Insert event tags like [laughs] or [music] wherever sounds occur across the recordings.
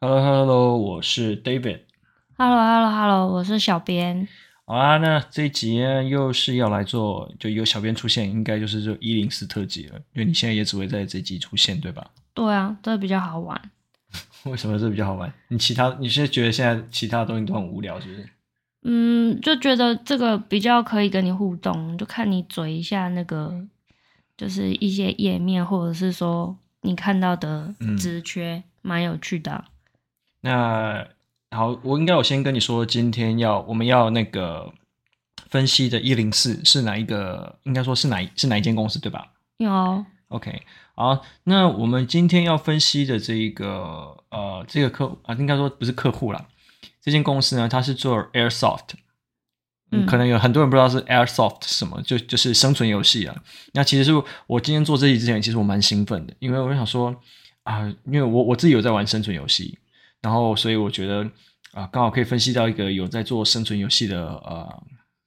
哈嘍哈嘍，我是 David。Hello Hello Hello，我是小編。好啊，那這一集呢，又是要來做，就有小編出現，應該就是就104特輯了，因為你現在也只會在這一集出現，對吧？對啊，這比較好玩。 [laughs] 為什麼這比較好玩？你其他，你是覺得現在其他東西都很無聊，是不是？嗯，就覺得這個比較可以跟你互動，就看你嘴一下那個，嗯、就是一些頁面或者是說你看到的職缺，蠻、嗯、有趣的。那好，我應該我先跟你說，今天要我們要那個分析的一零四是哪一個？應該說是哪是哪一間公司對吧？有，OK。好，那我們今天要分析的這一個呃，這個客戶啊、呃，應該說不是客戶啦，這間公司呢，它是做 Airsoft，嗯，嗯，可能有很多人不知道是 Airsoft 什麼，就就是生存遊戲啊。那其實是我今天做這一集之前，其實我蠻興奮的，因為我想說啊、呃，因為我我自己有在玩生存遊戲。然後，所以我覺得啊，剛好可以分析到一個有在做生存遊戲的呃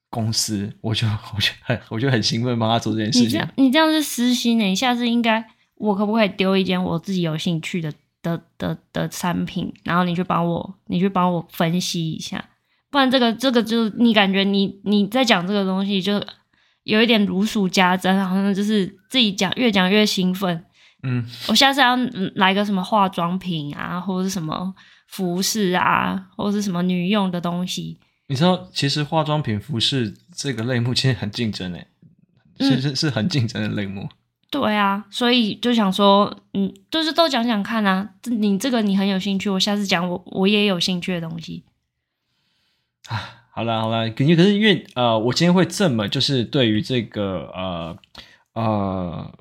公司，我就我就很我就很興奮幫他做這件事情。你這樣，你這樣是私心的。你下次應該，我可不可以丟一件我自己有興趣的的的的產品，然後你去幫我，你去幫我分析一下？不然這個這個就你感覺你你在講這個東西，就有一點如數家珍，好像就是自己講越講越興奮。嗯，我下次要來個什麼化妝品啊，或者是什麼服飾啊，或者是什麼女用的東西。你知道，其實化妝品、服飾這個類目其實很競爭誒，是、嗯、是很競爭的類目。對啊，所以就想說，嗯，就是都講講看啊。你這個你很有興趣，我下次講我我也有興趣的東西。啊，好了好了，感覺可是因為呃，我今天會這麼就是對於這個呃呃。呃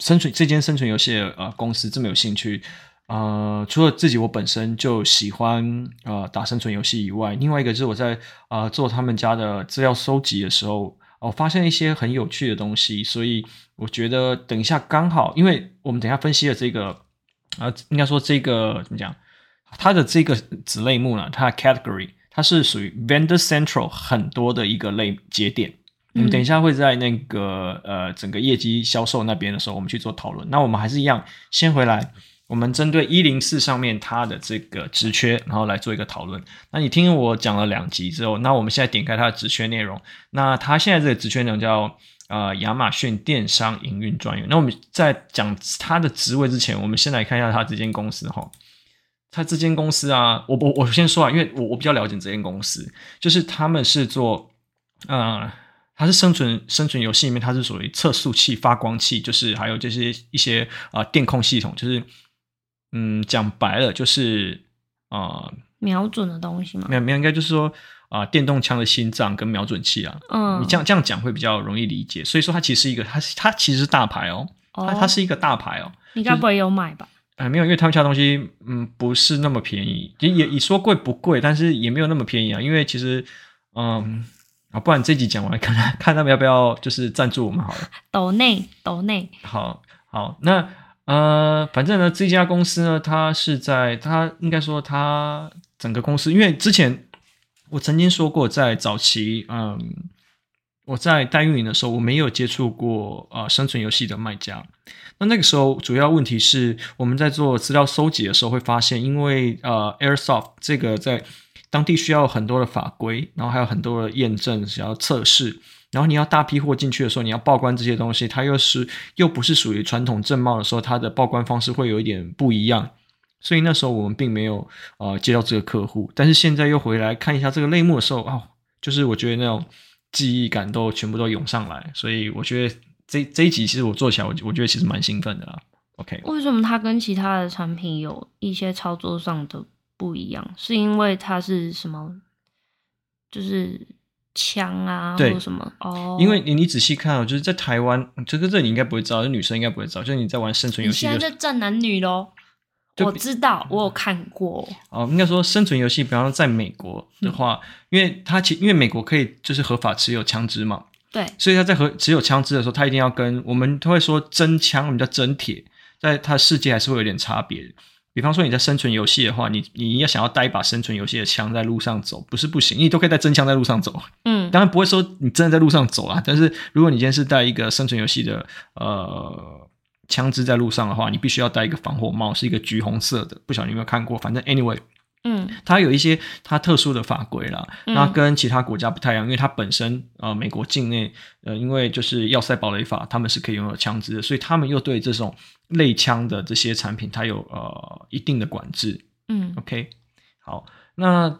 生存這間生存遊戲的呃公司這麼有興趣，呃，除了自己我本身就喜歡啊、呃、打生存遊戲以外，另外一個就是我在啊、呃、做他們家的資料收集的時候，哦、呃，發現一些很有趣的東西，所以我覺得等一下剛好，因為我們等一下分析的這個啊、呃，應該說這個怎麼講，它的這個子類目呢，它的 category 它是屬於 Vendor Central 很多的一個類節點。我們等一下會在那個呃整個業績銷售那邊的時候，我們去做討論。那我們還是一樣，先回來。我們針對一零四上面它的這個職缺，然後來做一個討論。那你聽我講了兩集之後，那我們現在點開它的職缺內容。那它現在這個職缺內容叫啊呃亞馬遜電商營運專員。那我們在講它的職位之前，我們先來看一下它這間公司哈。它這間公司啊，我我我先說啊，因為我我比較了解這間公司，就是他們是做嗯。呃它是生存生存遊戲裡面，它是屬於測速器、發光器，就是還有這些一些啊、呃、電控系統，就是嗯講白了就是啊、呃、瞄準的東西嘛，沒有沒有，應該就是說啊、呃、電動槍的心臟跟瞄準器啊。嗯，你這樣這樣講會比較容易理解。所以說它其實是一個，它它其實是大牌哦，哦它它是一個大牌哦。你該不會有買吧？啊、就是，沒、呃、有，因為他們家的東西嗯不是那麼便宜，嗯、也也說貴不貴，但是也沒有那麼便宜啊。因為其實嗯。啊，不然這集講完，看看他們要不要就是贊助我們好了。抖內抖內，好，好，那呃，反正呢，這家公司呢，它是在它應該說它整個公司，因為之前我曾經說過，在早期，嗯，我在代運營的時候，我沒有接觸過，呃，生存遊戲的賣家。那那個時候主要問題是我們在做資料搜集的時候會發現，因為呃，Airsoft 這個在當地需要很多的法規，然後還有很多的驗證，想要測試，然後你要大批貨進去的時候，你要報關這些東西，它又是又不是屬於傳統正貿的時候，它的報關方式會有一點不一樣。所以那時候我們並沒有啊、呃、接到這個客戶，但是現在又回來看一下這個類目的時候啊、哦，就是我覺得那種記憶感都全部都湧上來，所以我覺得這這一集其實我做起來，我我覺得其實蠻興奮的啦。OK，為什麼它跟其他的產品有一些操作上的？不一樣，是因為它是什麼？就是槍啊，或什麼哦？因為你你仔細看、喔，就是在台灣，就個、是、這你應該不會知道，女生應該不會知道，就是女生應該不會知道，就你在玩生存遊戲，現在在戰男女咯，我知道、嗯，我有看過。哦，應該說生存遊戲，比方說在美國的話，嗯、因為它其因為美國可以就是合法持有槍支嘛，對，所以他在合持有槍支的時候，他一定要跟我們都會說真槍，我們叫真鐵，在他世界還是會有點差別。比方說你在生存遊戲的話，你你要想要帶一把生存遊戲的槍在路上走，不是不行，你都可以帶真槍在路上走。嗯，當然不會說你真的在路上走啊，但是如果你今天是帶一個生存遊戲的呃槍支在路上的話，你必須要帶一個防火帽，是一個橘紅色的。不曉得你有沒有看過，反正 anyway。嗯，它有一些它特殊的法規啦，那、嗯、跟其他國家不太一樣，因為它本身呃美國境內呃，因為就是要塞堡壘法，他們是可以擁有槍支的，所以他們又對這種類槍的這些產品，它有呃一定的管制。嗯，OK，好，那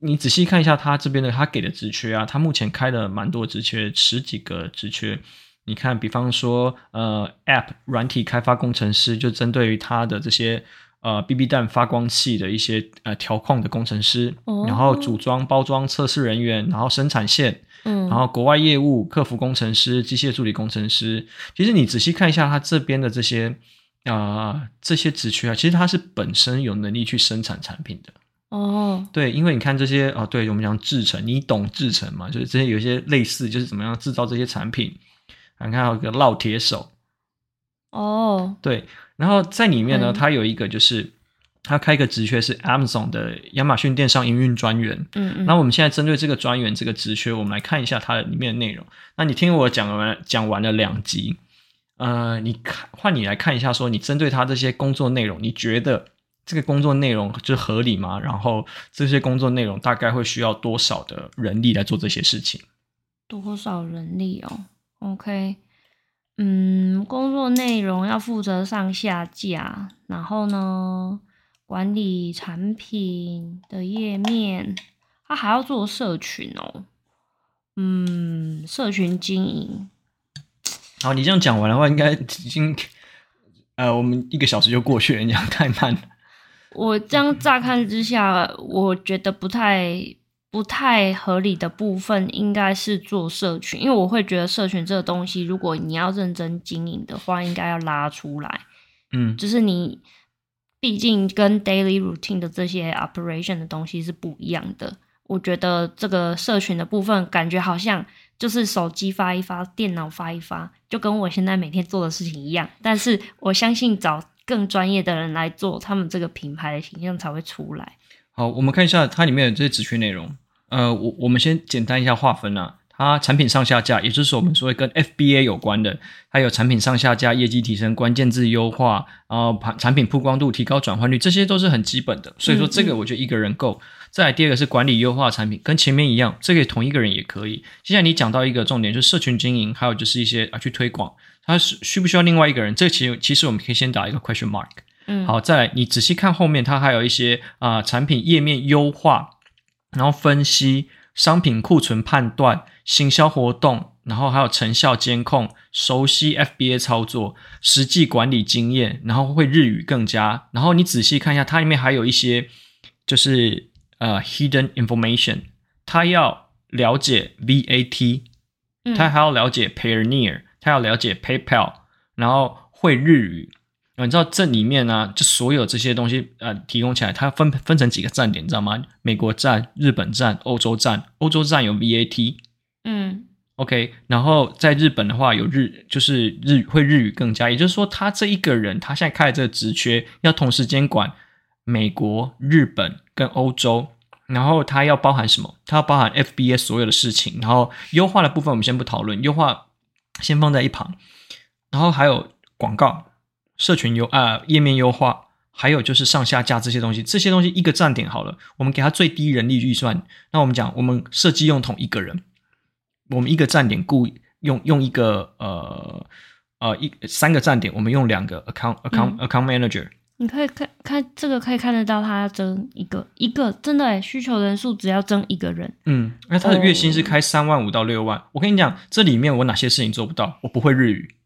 你仔細看一下它這邊的它給的職缺啊，它目前開了蠻多職缺，十幾個職缺，你看，比方說呃，App 軟體開發工程師，就針對於它的這些。呃，B B 彈發光器的一些呃，調控的工程師，哦、然後組裝、包裝、測試人員，然後生產線，嗯，然後國外業務、客服工程師、機械助理工程師。其實你仔細看一下，他這邊的這些啊、呃，這些職缺啊，其實他是本身有能力去生產產品的。哦，對，因為你看這些啊、哦，對，我們講製程，你懂製程嘛？就是這些有些類似，就是怎麼樣製造這些產品。啊、你看，有一個烙鐵手。哦。對。然後在裡面呢，嗯、他有一個就是他開一個職缺是 Amazon 的亞馬遜電商營運專員。嗯嗯。那我們現在針對這個專員這個職缺，我們來看一下它裡面的內容。那你聽我講完講完了兩集，呃，你看換你來看一下說你針對他這些工作內容，你覺得這個工作內容就合理嗎？然後這些工作內容大概會需要多少的人力來做這些事情？多少人力哦？OK。嗯，工作內容要負責上下架，然後呢，管理產品的頁面，他還要做社群哦，嗯，社群經營。好，你這樣講完的話，應該已經，呃，我們一個小時就過去了，你講太慢了。我這樣乍看之下，我覺得不太。不太合理的部分應該是做社群，因為我會覺得社群這個東西，如果你要認真經營的話，應該要拉出來。嗯，就是你畢竟跟 daily routine 的這些 operation 的東西是不一樣的。我覺得這個社群的部分，感覺好像就是手機發一發，電腦發一發，就跟我現在每天做的事情一樣。但是我相信找更專業的人來做，他們這個品牌的形象才會出來。好，我們看一下它裡面的這些職缺內容。呃，我我們先簡單一下劃分啊。它產品上下架，也就是我們所謂跟 FBA 有關的，還有產品上下架、業績提升、關鍵字優化，然後產產品曝光度提高、轉換率，這些都是很基本的。所以說這個我覺得一個人夠。嗯嗯，再來第二個是管理優化產品，跟前面一樣，這個同一個人也可以。現在你講到一個重點，就是社群經營，還有就是一些啊去推廣，它是需不需要另外一個人？這個、其實其實我們可以先打一個 question mark。好，再來，你仔細看後面，它還有一些啊、呃、產品頁面優化，然後分析商品庫存判斷，行銷活動，然後還有成效監控，熟悉 FBA 操作，實際管理經驗，然後會日語更加。然後你仔細看一下，它裡面還有一些就是呃 hidden information，它要了解 VAT，、嗯、它還要了解 Payoneer，它要了解 PayPal，然後會日語。你知道這裡面呢、啊，就所有這些東西，呃，提供起來，它分分成幾個站點，你知道嗎？美國站、日本站、歐洲站。歐洲站有 VAT，嗯，OK。然後在日本的話，有日，就是日會日語更加。也就是說，他這一個人，他現在開的這個職缺，要同時監管美國、日本跟歐洲。然後他要包含什麼？他要包含 FBA 所有的事情。然後優化的部分，我們先不討論，優化先放在一旁。然後還有廣告。社群優啊，頁面優化，還有就是上下架這些東西，這些東西一個站點好了，我們給他最低人力預算。那我們講，我們設計用同一個人，我們一個站點雇用用一個呃呃一三個站點，我們用兩個 Account Account、嗯、Account Manager。你可以看看這個可以看得到他增一個一個真的誒，需求人數只要增一個人。嗯，那他的月薪是開三萬五到六萬、哦。我跟你講，這裡面我哪些事情做不到？我不會日語。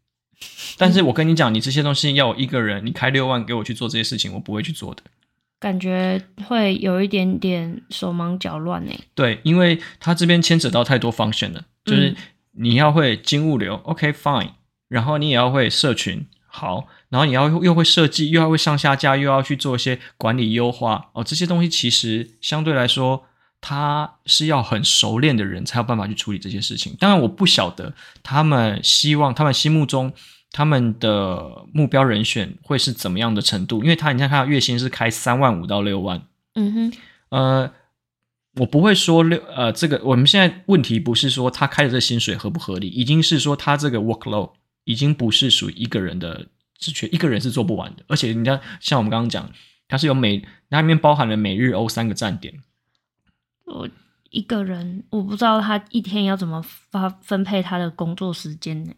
但是我跟你講，你這些東西要我一個人，你開六萬給我去做這些事情，我不會去做的。感覺會有一點點手忙腳亂呢。對，因為他這邊牽扯到太多方向了，就是你要會金物流、嗯，OK fine，然後你也要會社群，好，然後你要又會設計，又要會上下架，又要去做一些管理優化哦，這些東西其實相對來說。他是要很熟練的人，才有辦法去處理這些事情。當然，我不曉得他們希望他們心目中他們的目標人選會是怎麼樣的程度，因為他你看，他月薪是開三萬五到六萬。嗯哼，呃，我不會說六，呃，這個我們現在問題不是說他開的這薪水合不合理，已經是說他這個 workload 已經不是屬於一個人的職權，一個人是做不完的。而且你看，人家像我們剛剛講，他是有美，它裡面包含了美日歐三個站點。我一個人，我不知道他一天要怎麼發分配他的工作時間呢？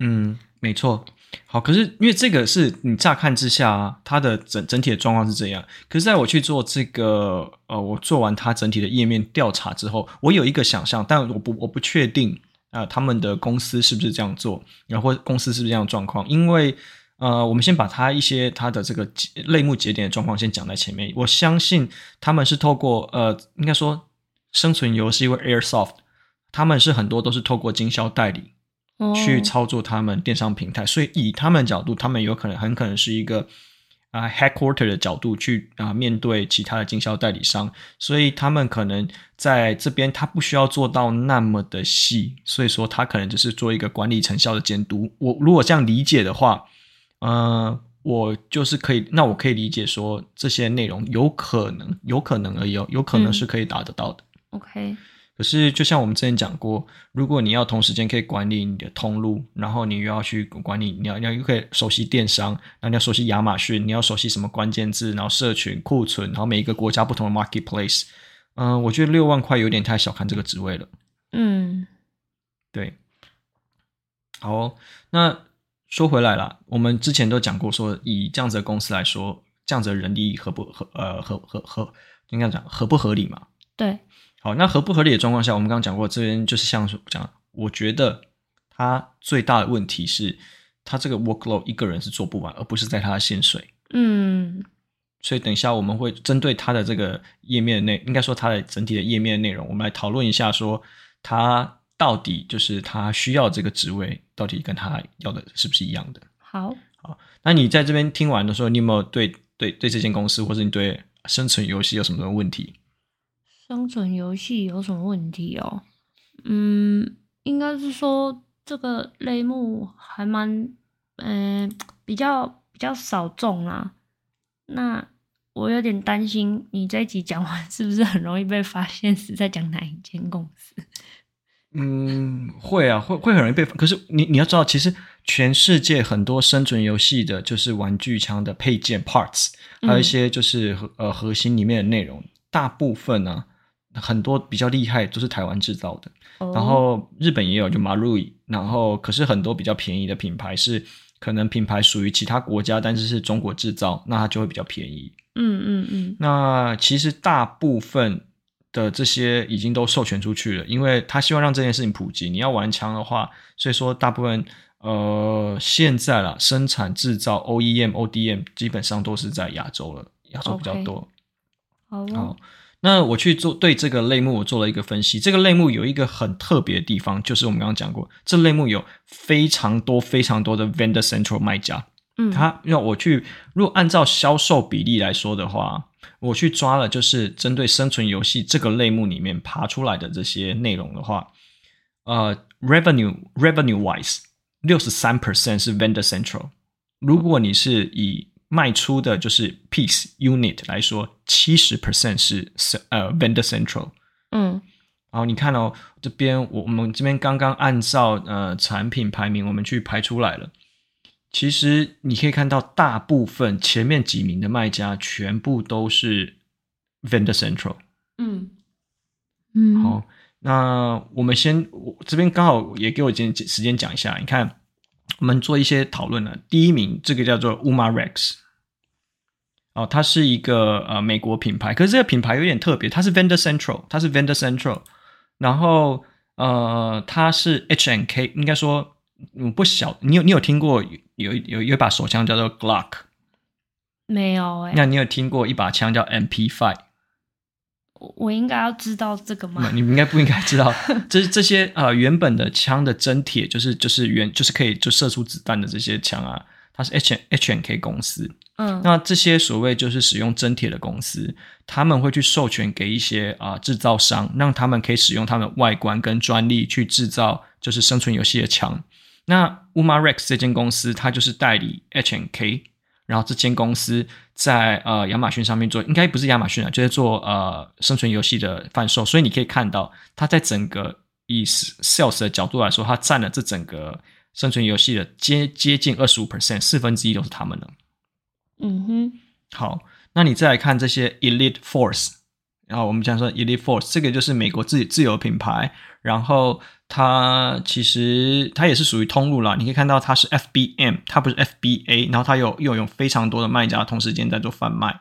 嗯，沒錯。好，可是因為這個是你乍看之下，他的整整體的狀況是這樣。可是在我去做這個呃，我做完他整體的頁面調查之後，我有一個想象，但我不我不確定啊，呃，他們的公司是不是這樣做，然後公司是不是這樣狀況？因為呃，我們先把他一些他的這個類目節點的狀況先講在前面。我相信他們是透過呃，應該說。生存遊戲或 Airsoft，他們是很多都是透過經銷代理去操作他們電商平台，oh. 所以以他們角度，他們有可能很可能是一個啊、uh, headquarter 的角度去啊、uh, 面對其他的經銷代理商，所以他們可能在這邊他不需要做到那麼的細，所以說他可能就是做一個管理成效的監督。我如果這樣理解的話，呃，我就是可以，那我可以理解說這些內容有可能，有可能而已、哦，有可能是可以達得到的。嗯 OK，可是就像我們之前講過，如果你要同時間可以管理你的通路，然後你又要去管理，你要你要又可以熟悉電商，然後你要熟悉亞馬遜，你要熟悉什麼關鍵字，然後社群、庫存，然後每一個國家不同的 marketplace，嗯、呃，我覺得六萬塊有點太小看這個職位了。嗯，對。好哦，那說回來了，我們之前都講過說，說以這樣子的公司來說，這樣子的人力合不合？呃，合合合，應該講合不合理嘛？對。好，那合不合理的狀況下，我們剛剛講過，這邊就是像講，我覺得他最大的問題是，他這個 workload 一個人是做不完，而不是在他的薪水。嗯，所以等一下我們會針對他的這個頁面的內，應該說他的整體的頁面的內容，我們來討論一下說，說他到底就是他需要這個職位，到底跟他要的是不是一樣的。好，好，那你在這邊聽完的時候，你有沒有對對對這間公司或者你對生存遊戲有什麼問題？生存遊戲有什麼問題哦？嗯，應該是說，這個類目還蠻，嗯、欸，比較比較小眾啦，啊。那我有點擔心，你這一集講完是不是很容易被發現是在講哪一間公司？嗯，會啊，會會很容易被。可是你你要知道，其實全世界很多生存遊戲的，就是玩具槍的配件 parts，還有一些就是呃核心裡面的內容，大部分呢，啊。很多比較厲害都是台灣制造的，oh, 然後日本也有，就 Marui，然後可是很多比較便宜的品牌是可能品牌屬於其他國家，但是是中國制造，那它就會比較便宜。嗯嗯嗯。那其實大部分的這些已經都授權出去了，因為他希望讓這件事情普及。你要玩槍的話，所以說大部分呃現在啦生產制造 OEM、ODM 基本上都是在亞洲了，亞洲比較多。好、okay. oh.。那我去做對這個類目，我做了一個分析。這個類目有一個很特別的地方，就是我們剛剛講過，這類目有非常多非常多的 Vendor Central 賣家。嗯，他讓我去，如果按照銷售比例來說的話，我去抓了，就是針對生存遊戲這個類目裡面爬出來的這些內容的話，呃，Revenue Revenue Wise 63%是 Vendor Central。如果你是以賣出的就是 piece unit 來說，七十 percent 是呃 vendor central，嗯，然後你看哦，這邊，我我們這邊剛剛按照呃產品排名，我們去排出來了。其實你可以看到，大部分前面幾名的賣家全部都是 vendor central，嗯嗯，好，那我們先我這邊剛好也給我間時間講一下，你看我們做一些討論了，第一名這個叫做 Umarex。哦，它是一個呃美國品牌，可是這個品牌有點特別，它是 Vendor Central，它是 Vendor Central，然後呃它是 H&K，應該說我不曉，你有你有聽過有有有一把手槍叫做 Glock？沒有哎、欸，那你有聽過一把槍叫 MP5？我我應該要知道這個嗎？ [laughs] 你們應該不應該知道？這這些啊、呃、原本的槍的真鐵、就是，就是就是原就是可以就射出子彈的這些槍啊，它是 H&、H&K 公司。嗯，那這些所謂就是使用真鐵的公司，他們會去授權給一些啊呃、製造商，讓他們可以使用他們的外觀跟專利去製造，就是生存遊戲的槍。那 Umarex 這間公司，它就是代理 H&K，然後這間公司在呃亞馬遜上面做，應該不是亞馬遜啊，就在、是、做呃生存遊戲的販售。所以你可以看到，它在整個以 sales 的角度來說，它佔了這整個生存遊戲的接接近二十五 percent，四分之一都是他們的。嗯哼，好，那你再來看這些 Elite Force，然後我們講說 Elite Force，這個就是美國自己自有品牌，然後它其實它也是屬於通路啦，你可以看到它是 FBM，它不是 FBA，然後它有又有非常多的賣家同時間在做販賣。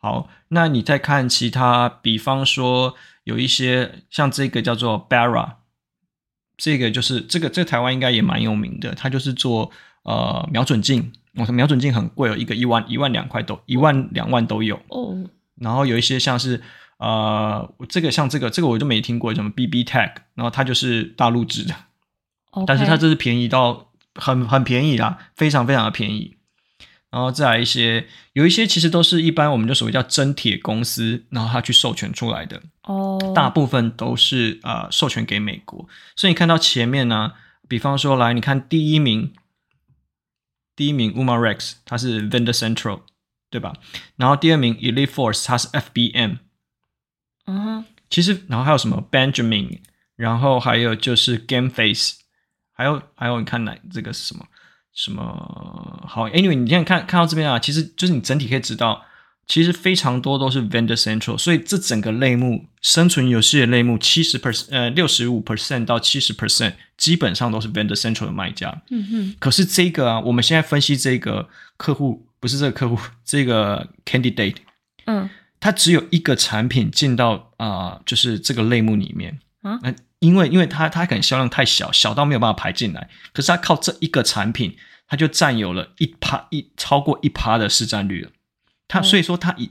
好，那你再看其他，比方說有一些像這個叫做 Barra，這個就是這個這個、台灣應該也蠻有名的，它就是做呃瞄準鏡。我它瞄準鏡很貴哦，一個一萬一萬兩塊都一萬兩萬都有。哦、oh.。然後有一些像是呃，這個像這個這個我就沒聽過什麼 BBTac，然後它就是大陸制的，okay. 但是它這是便宜到很很便宜啦，非常非常的便宜。然後再來一些，有一些其實都是一般我們就所謂叫真鐵公司，然後它去授權出來的。哦、oh.。大部分都是啊、呃、授權給美國，所以你看到前面呢，比方說來你看第一名。第一名 Uma Rex，他是 Vendor Central，對吧？然後第二名 Elite Force，他是 FBM。嗯，其實然後還有什麼 Benjamin，然後還有就是 Game Face，還有還有你看哪這個是什麼？什麼好？Anyway，你現在看，看到這邊啊，其實就是你整體可以知道。其實非常多都是 Vendor Central，所以這整個類目生存遊戲的類目七十 percent，呃，六十五 percent 到七十 percent，基本上都是 Vendor Central 的賣家。嗯哼。可是這個啊，我們現在分析這個客戶不是這個客戶，這個 Candidate，嗯，他只有一個產品進到啊、呃，就是這個類目裡面。啊、嗯，那因為因為他他可能銷量太小，小到沒有辦法排進來。可是他靠這一個產品，他就占有了一趴一超過一趴的市占率了。他，所以說，他以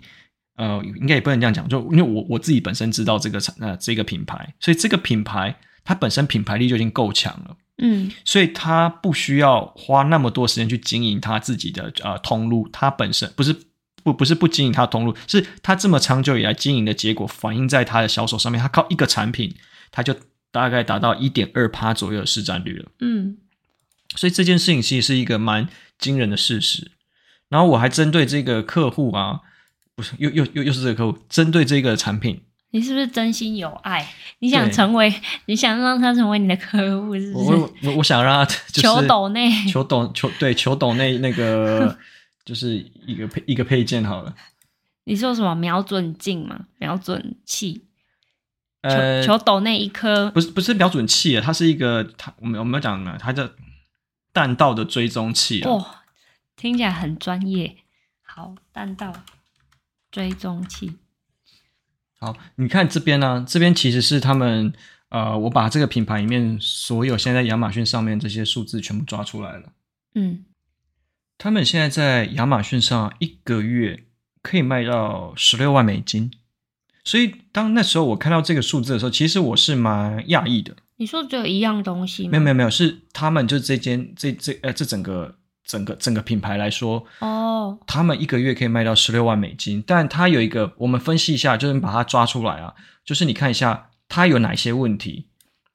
呃，應該也不能這樣講，就因為我我自己本身知道這個產呃這個品牌，所以這個品牌它本身品牌力就已經夠強了，嗯，所以他不需要花那麼多時間去經營他自己的呃通路，它本身不是不不是不經營它的通路，是它這麼長久以來經營的結果反映在它的銷售上面，它靠一個產品，它就大概達到一點二趴左右的市占率了，嗯，所以這件事情其實是一個蠻驚人的事實。然後我還針對這個客戶啊，不是又又又又是這個客戶，針對這個產品，你是不是真心有愛？你想成為，你想讓他成為你的客戶，是不是？我我，我想讓他、就是、求抖內求抖內求對求抖內那個， [laughs] 就是一個配一個配件好了。你說什麼瞄準鏡嗎？瞄準器？呃，求抖內一顆，不是不是瞄準器、啊，它是一個它我們我們講呢，它叫彈道的追蹤器啊。哦。聽起來很專業。好，彈道追蹤器。好，你看這邊呢，啊，這邊其實是他們，呃，我把這個品牌裡面所有現在亞馬遜上面這些數字全部抓出來了。嗯，他們現在在亞馬遜上一個月可以賣到十六萬美金，所以當那時候我看到這個數字的時候，其實我是蠻訝異的。你說只有一樣東西嗎？沒有，沒有，沒有，是他們就這間這這呃這整個。整個整個品牌來說，哦，他們一個月可以賣到十六萬美金，但他有一個，我們分析一下，就是你把它抓出來啊，就是你看一下它有哪些問題，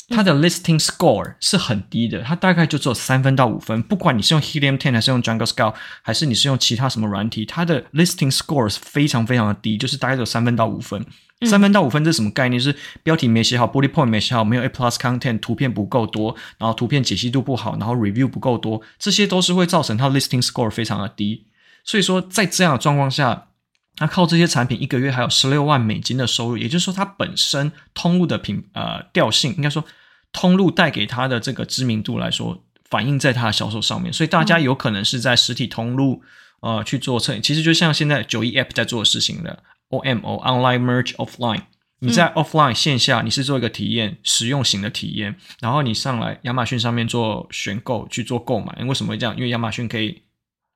它的 listing score 是很低的，它大概就只有三分到五分，不管你是用 Helium 10還是用 Jungle Scout，還是你是用其他什麼軟體，它的 listing score 是非常非常的低，就是大概只有三分到五分。三分到五分是什麼概念？就是標題沒寫好，bullet point 沒寫好，沒有 A plus content，圖片不夠多，然後圖片解析度不好，然後 review 不夠多，這些都是會造成它 listing score 非常的低。所以說，在這樣的狀況下，它靠這些產品一個月還有十六萬美金的收入，也就是說，它本身通路的品呃調性，應該說通路帶給他的這個知名度來說，反映在它的銷售上面。所以大家有可能是在實體通路呃去做測，其實就像現在九一 App 在做的事情的。O M O Online Merge Offline，你在 Offline 線下，你是做一個體驗、嗯，實用型的體驗，然後你上來亞馬遜上面做選購去做購買，為什麼會這樣？因為亞馬遜可以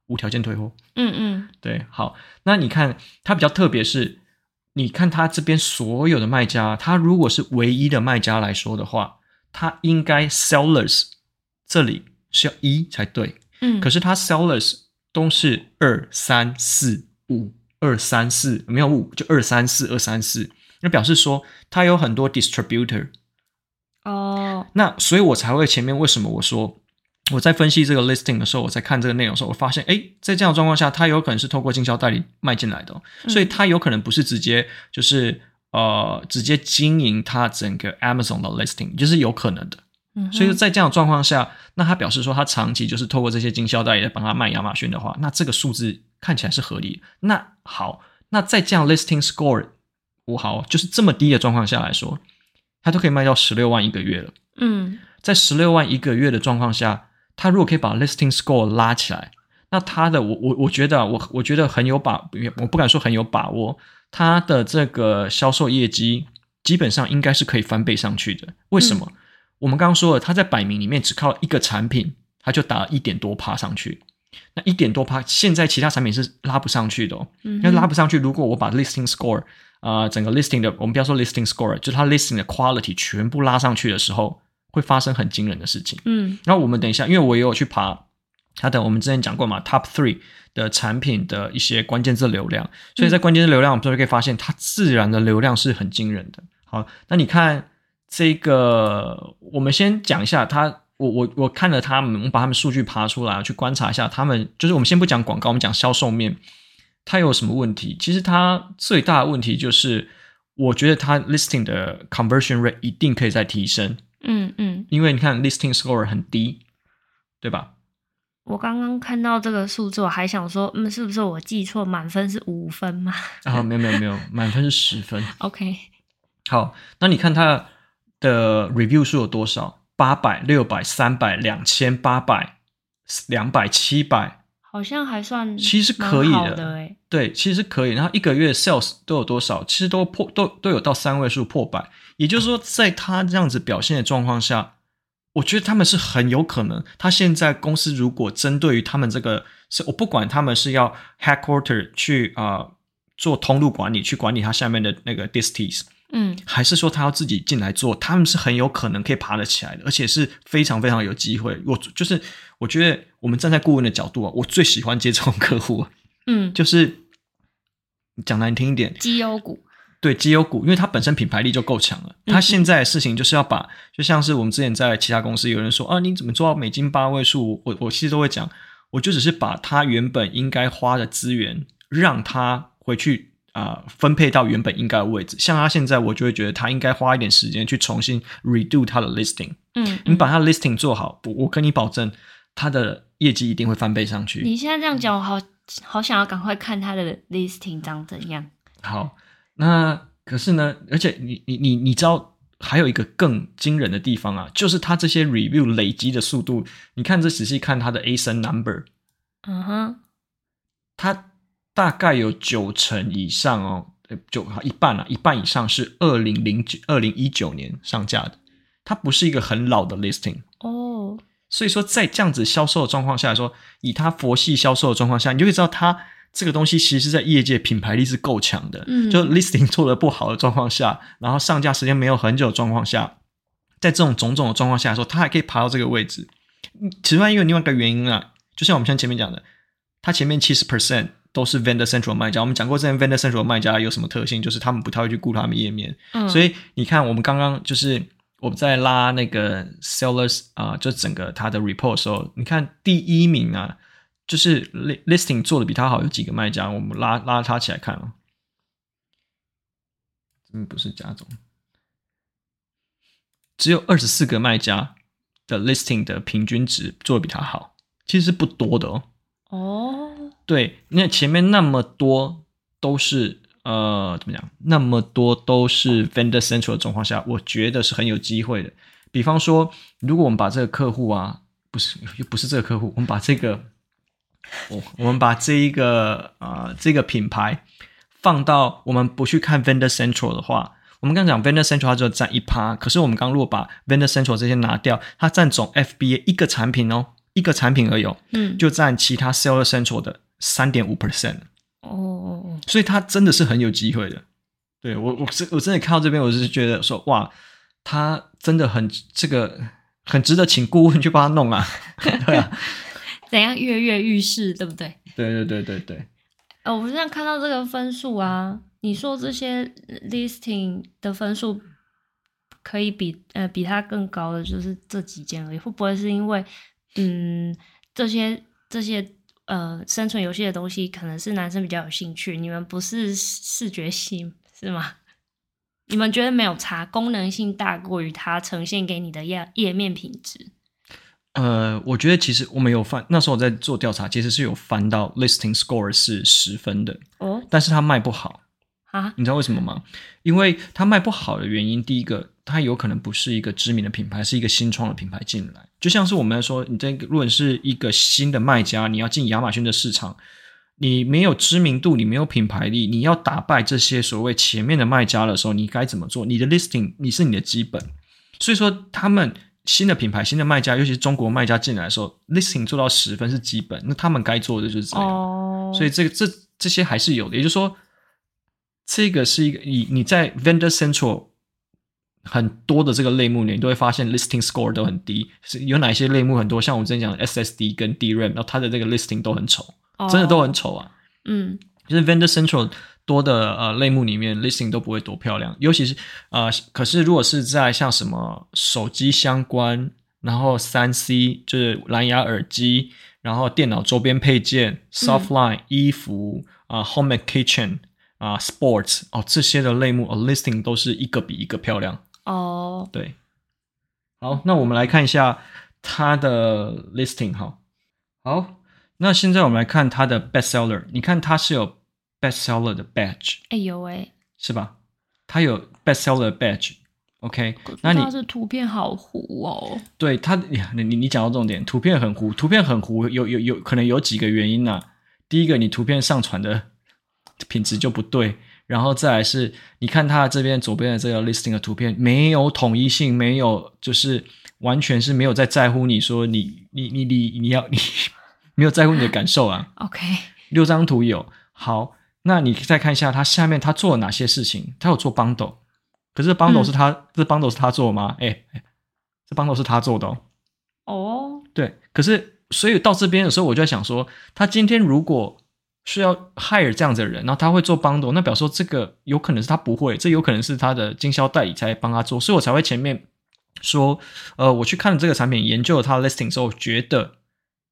無條件退貨。嗯嗯，對，好，那你看它比較特別是，你看它這邊所有的賣家，它如果是唯一的賣家來說的話，它應該 Sellers 這裡是要一才對，嗯，可是它 Sellers 都是二三四五。二三四沒有五，就二三四二三四，那表示說它有很多 distributor 哦、oh.，那所以我才會前面為什麼我說我在分析這個 listing 的時候，我在看這個內容的時候，我發現哎，在這樣的狀況下，它有可能是透過經銷代理賣進來的、哦嗯，所以它有可能不是直接就是呃直接經營它整個 Amazon 的 listing，就是有可能的。所以在這樣的狀況下，那他表示說，他長期就是透過這些經銷代理幫他賣亞馬遜的話，那這個數字看起來是合理。那好，那在這樣 listing score 不好，就是這麼低的狀況下來說，他都可以賣到十六萬一個月了。嗯，在十六萬一個月的狀況下，他如果可以把 listing score 拉起來，那他的我我我覺得我我覺得很有把，我不敢說很有把握，他的這個銷售業績基本上應該是可以翻倍上去的。為什麼？嗯我們剛剛說了，它在百名裡面只靠一個產品，它就打了一點多趴上去。那一點多趴，現在其他產品是拉不上去的哦。嗯。因為拉不上去，如果我把 listing score 啊、呃，整個 listing 的，我們不要說 listing score，就是它 listing 的 quality 全部拉上去的時候，會發生很驚人的事情。嗯。然後我們等一下，因為我也有去爬它、啊，等我們之前講過嘛，top three 的產品的一些關鍵字流量，所以在關鍵字流量，我、嗯、們就可以發現它自然的流量是很驚人的。好，那你看。這個，我們先講一下他，我我我看了他們，我把他們數據爬出來，去觀察一下他們，就是我們先不講廣告，我們講銷售面，它有什麼問題？其實它最大的問題就是，我覺得它 listing 的 conversion rate 一定可以再提升。嗯嗯，因為你看 listing score 很低，對吧？我剛剛看到這個數字，我還想說，嗯，是不是我記錯，滿分是五分嘛？啊，沒有沒有沒有，滿分是十分。 [laughs] OK，好，那你看它。的 review 數有多少？八百、六百、三百、兩千、八百、兩百、七百，好像還算、欸，其實可以的。對，其實可以。然後一個月 sales 都有多少？其實都破都都有到三位數破百。也就是說，在他這樣子表現的狀況下，我覺得他們是很有可能。他現在公司如果針對於他們這個，我不管他們是要 headquarter 去啊，呃，做通路管理，去管理他下面的那個 disties 嗯，還是說他要自己進來做？他們是很有可能可以爬得起來的，而且是非常非常有機會。我就是，我覺得我們站在顧問的角度啊，我最喜歡接這種客戶。嗯，就是講難聽一點，績優股。對，績優股，因為它本身品牌力就夠強了。它現在的事情就是要把，嗯、就像是我們之前在其他公司，有人說啊，你怎麼做到美金八位數？我我其實都會講，我就只是把它原本應該花的資源，讓它回去。啊、呃，分配到原本應該的位置。像他現在，我就會覺得他應該花一點時間去重新 redo 他的 listing。嗯，你把他的 listing 做好，我我跟你保證，他的業績一定會翻倍上去。你現在這樣講，我好好想要趕快看他的 listing 長怎樣？好，那可是呢，而且你你你你知道，還有一個更驚人的地方啊，就是他這些 review 累積的速度。你看，這仔細看他的 ASIN number。嗯哼，他。大概有九成以上哦，就一半了，啊，一半以上是二零零九、二零一九年上架的，它不是一個很老的 listing 哦。所以說，在這樣子銷售的狀況下來說，以它佛系銷售的狀況下，你就會知道它這個東西其實在業界品牌力是夠強的。嗯，就 listing 做得不好的狀況下，然後上架時間沒有很久的狀況下，在這種種種的狀況下來說，它還可以爬到這個位置。此外，也有另外一個原因啊，就像我們像前面講的，它前面七十 percent。都是 Vendor Central 賣家，我們講過之前 Vendor Central 賣家有什麼特性，就是他們不太會去顧他們頁面。嗯、所以你看，我們剛剛就是我們在拉那個 Sellers 啊、呃，就整個他的 Report 的時候，你看第一名啊，就是 Listing 做的比他好，有幾個賣家，我們拉拉他起來看哦。嗯，不是家中，只有二十四個賣家的 Listing 的平均值做的比他好，其實是不多的哦。哦。對，那前面那麼多都是呃，怎麼講？那麼多都是 Vendor Central 的狀況下，我覺得是很有機會的。比方說，如果我們把這個客戶啊，不是又不是這個客戶，我們把這個，我、哦、我們把這一個啊、呃、這個品牌放到我們不去看 Vendor Central 的話，我們剛剛講 Vendor Central 它只有占一趴，可是我們剛剛如果把 Vendor Central 這些拿掉，它占總 FBA 一個產品哦。一個產品而已，嗯，就佔其他 Seller Central 的三點五 percent 哦，所以它真的是很有機會的。對我，我我真的看到這邊，我是覺得說，哇，他真的很這個很值得請顧問去幫他弄啊，對啊，怎樣躍躍欲試，對不對？對對對對對。呃，我們現在看到這個分數啊，你說這些 listing 的分數可以比呃比它更高的，就是這幾件而已，會、嗯、不會是因為？嗯，這些這些呃，生存遊戲的東西可能是男生比較有興趣。你們不是視覺系是嗎？你們覺得沒有差，功能性大過於它呈現給你的頁頁面品質。呃，我覺得其實我沒有翻，那時候我在做調查，其實是有翻到 Listing Score 是十分的，哦，但是它賣不好。啊，你知道為什麼嗎？啊？因為他賣不好的原因，第一個，他有可能不是一個知名的品牌，是一個新創的品牌進來。就像是我們說，你這個如果是一個新的賣家，你要進亞馬遜的市場，你沒有知名度，你沒有品牌力，你要打敗這些所謂前面的賣家的時候，你該怎麼做？你的 listing，你是你的基本。所以說，他們新的品牌、新的賣家，尤其是中國賣家進來的時候，listing 做到十分是基本。那他們該做的就是這樣。哦。所以這個這這些還是有的，也就是說。這個是一個，你你在 Vendor Central 很多的這個類目裡面你都會發現 Listing Score 都很低。是有哪些類目很多？像我之前講的 SSD 跟 DRAM，然後它的這個 Listing 都很醜，哦，真的都很醜啊。嗯，就是 Vendor Central 多的呃類目裡面、嗯、Listing 都不會多漂亮，尤其是啊、呃。可是如果是在像什麼手機相關，然後三 C 就是藍牙耳機，然後電腦周邊配件、嗯、，Softline 衣服啊、呃、，Home and Kitchen。啊、uh,，sports 哦、oh,，這些的類目啊、uh,，listing 都是一個比一個漂亮哦。Oh. 對，好，那我們來看一下它的 listing 哈。好，那現在我們來看它的 bestseller，你看它是有 bestseller 的 badge、欸。哎呦哎，是吧？它有 bestseller badge，OK？、Okay, 那你，它的圖片好糊哦。對它，你你你講到重點，圖片很糊，圖片很糊，有有有可能有幾個原因呢、啊？第一個，你圖片上傳的。品質就不對、嗯，然後再來是，你看他這邊左邊的這個 listing 的圖片沒有統一性，沒有就是完全是沒有在在乎你說你你你你你要你沒有在乎你的感受啊、嗯？OK，六張圖有。好，那你再看一下他下面他做了哪些事情？他有做 bundle，可是 bundle 是他、嗯、這 bundle 是他做嗎？誒誒，這 bundle 是他做的哦。哦，對，可是所以到這邊的時候我就在想說，他今天如果。需要 hire 這樣子的人，然後他會做 bundle，那表示說這個有可能是他不會，這有可能是他的經銷代理才幫他做，所以我才會前面說，呃，我去看了這個產品，研究了他的 listing 之後，覺得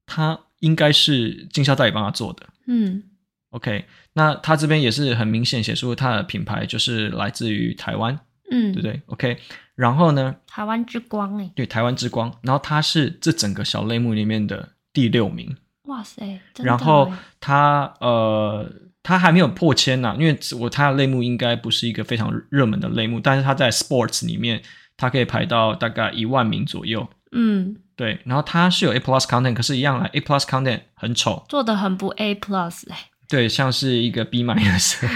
他應該是經銷代理幫他做的。嗯，OK，那他這邊也是很明顯寫出他的品牌就是來自於台灣，嗯，對不對？OK，然後呢？台灣之光，哎，對，台灣之光，然後他是這整個小類目裡面的第六名。哇塞！然後它呃，它還沒有破千呢，啊，因為我它的類目應該不是一個非常熱門的類目，但是它在 sports 裡面，它可以排到大概一萬名左右。嗯，對。然後它是有 A plus content，可是，一樣來 A plus content 很醜，做得很不 A plus 哎，欸。對，像是一個 B minus 的，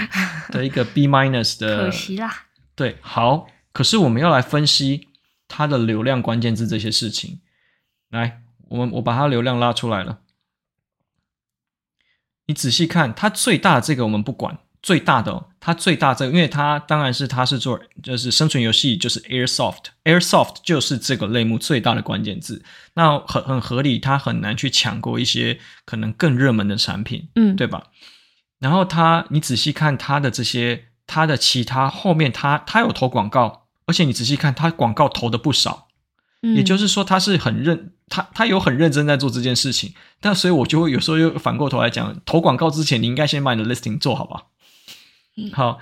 [laughs] 的一個 B minus 的。可惜啦。對，好。可是我們要來分析它的流量關鍵字這些事情。來，我們我把它流量拉出來了。你仔細看，它最大的這個我們，不管，最大的，哦，它最大這個，因為它當然是它是做就是生存遊戲，就是 airsoft，airsoft Airsoft 就是這個類目最大的關鍵字，那很很合理，它很難去搶過一些可能更熱門的產品，嗯，對吧？然後它，你仔細看它的這些，它的其他後面它，它它有投廣告，而且你仔細看，它廣告投的不少。也就是說，他是很認他，他有很認真在做這件事情。但所以，我就會有時候又反過頭來講，投廣告之前，你應該先把你的 listing 做好吧。好，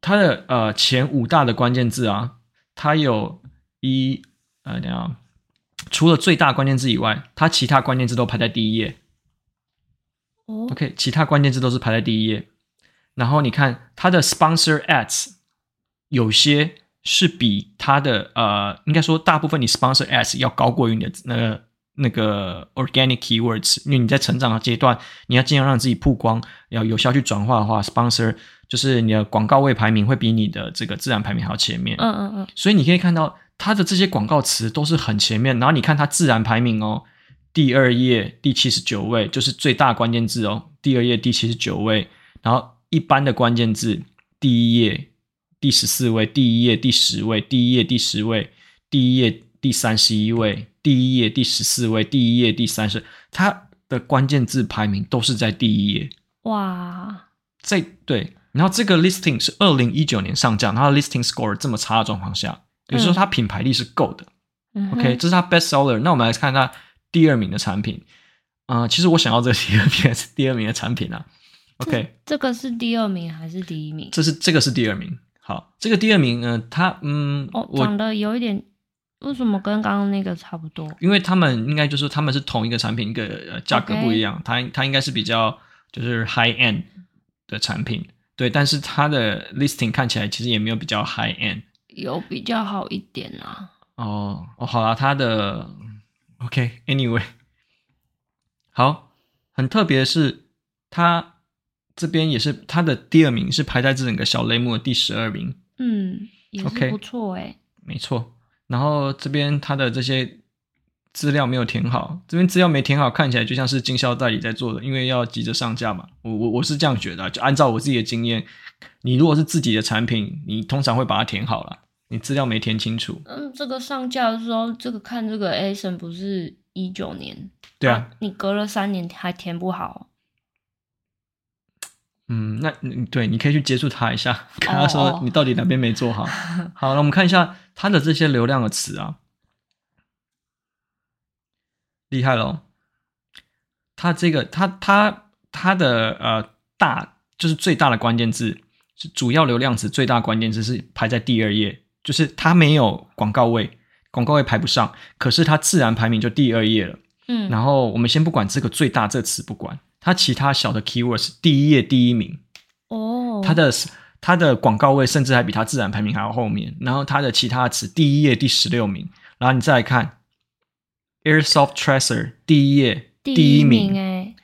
他的呃前五大的關鍵字啊，他有一呃等一下，除了最大關鍵字以外，他其他關鍵字都排在第一頁。哦？。OK，其他關鍵字都是排在第一頁。然後你看他的 sponsor ads，有些。是比它的呃，應該說大部分你 sponsor ads 要高過於你的那個那個 organic keywords，因為你在成長的階段，你要尽量讓自己曝光，要有效去轉化的話，sponsor 就是你的廣告位排名會比你的這個自然排名還要前面。嗯嗯嗯。所以你可以看到它的這些廣告詞都是很前面，然後你看它自然排名哦，第二頁第七十九位就是最大關鍵字哦，第二頁第七十九位，然後一般的關鍵字第一頁。第十四位，第一頁第十位，第一頁第十位，第一頁第三十一位，第一頁第十四位，第一頁第三十，它的關鍵字排名都是在第一頁。哇，這對，然後這個 listing 是二零一九年上架，它的 listing score 這麼差的狀況下、嗯，也就是說它品牌力是夠的、嗯。OK，這是它 best seller。那我們來看看第二名的產品。啊、呃，其實我想要這個第二名，第二名的產品啊。OK，這個是第二名還是第一名？這是這個是第二名。好，這個第二名呢，他嗯，哦，長得有一點，為什麼跟剛剛那個差不多？因為他們應該就是他們是同一個產品，一個價格不一樣。Okay. 它它應該是比較就是 high end 的產品，對。但是它的 listing 看起來其實也沒有比較 high end，有比較好一點啊。哦，哦，好了啊，它的 OK，Anyway，okay, 好，很特別的是它。這邊也是，他的第二名是排在這整個小類目的第十二名。嗯，OK，不錯哎、欸。Okay, 沒錯，然後這邊他的這些資料沒有填好，這邊資料沒填好，看起來就像是經銷代理在做的，因為要急着上架嘛。我我我是這樣覺得、啊，就按照我自己的經驗，你如果是自己的產品，你通常會把它填好了。你資料沒填清楚，嗯，這個上架的時候，這個看這個 ASIN 不是一九年，對啊，啊，你隔了三年還填不好。嗯，那嗯對，你可以去接觸他一下，看他說，說你到底哪邊沒做好。哦哦 [laughs] 好了，那我們看一下他的這些流量的詞啊，厲害咯，他這個，他他他的呃大就是最大的關鍵詞是主要流量詞，最大的關鍵詞是排在第二頁，就是他沒有廣告位，廣告位排不上，可是他自然排名就第二頁了。嗯，然後我們先不管這個最大，這個詞不管。它其他小的 keywords 第一頁第一名哦，它的 oh. 它的廣告位甚至還比它自然排名還要後面。然後它的其他詞第一頁第十六名。然後你再來看，Airsoft Tracer 第一頁第一名哎，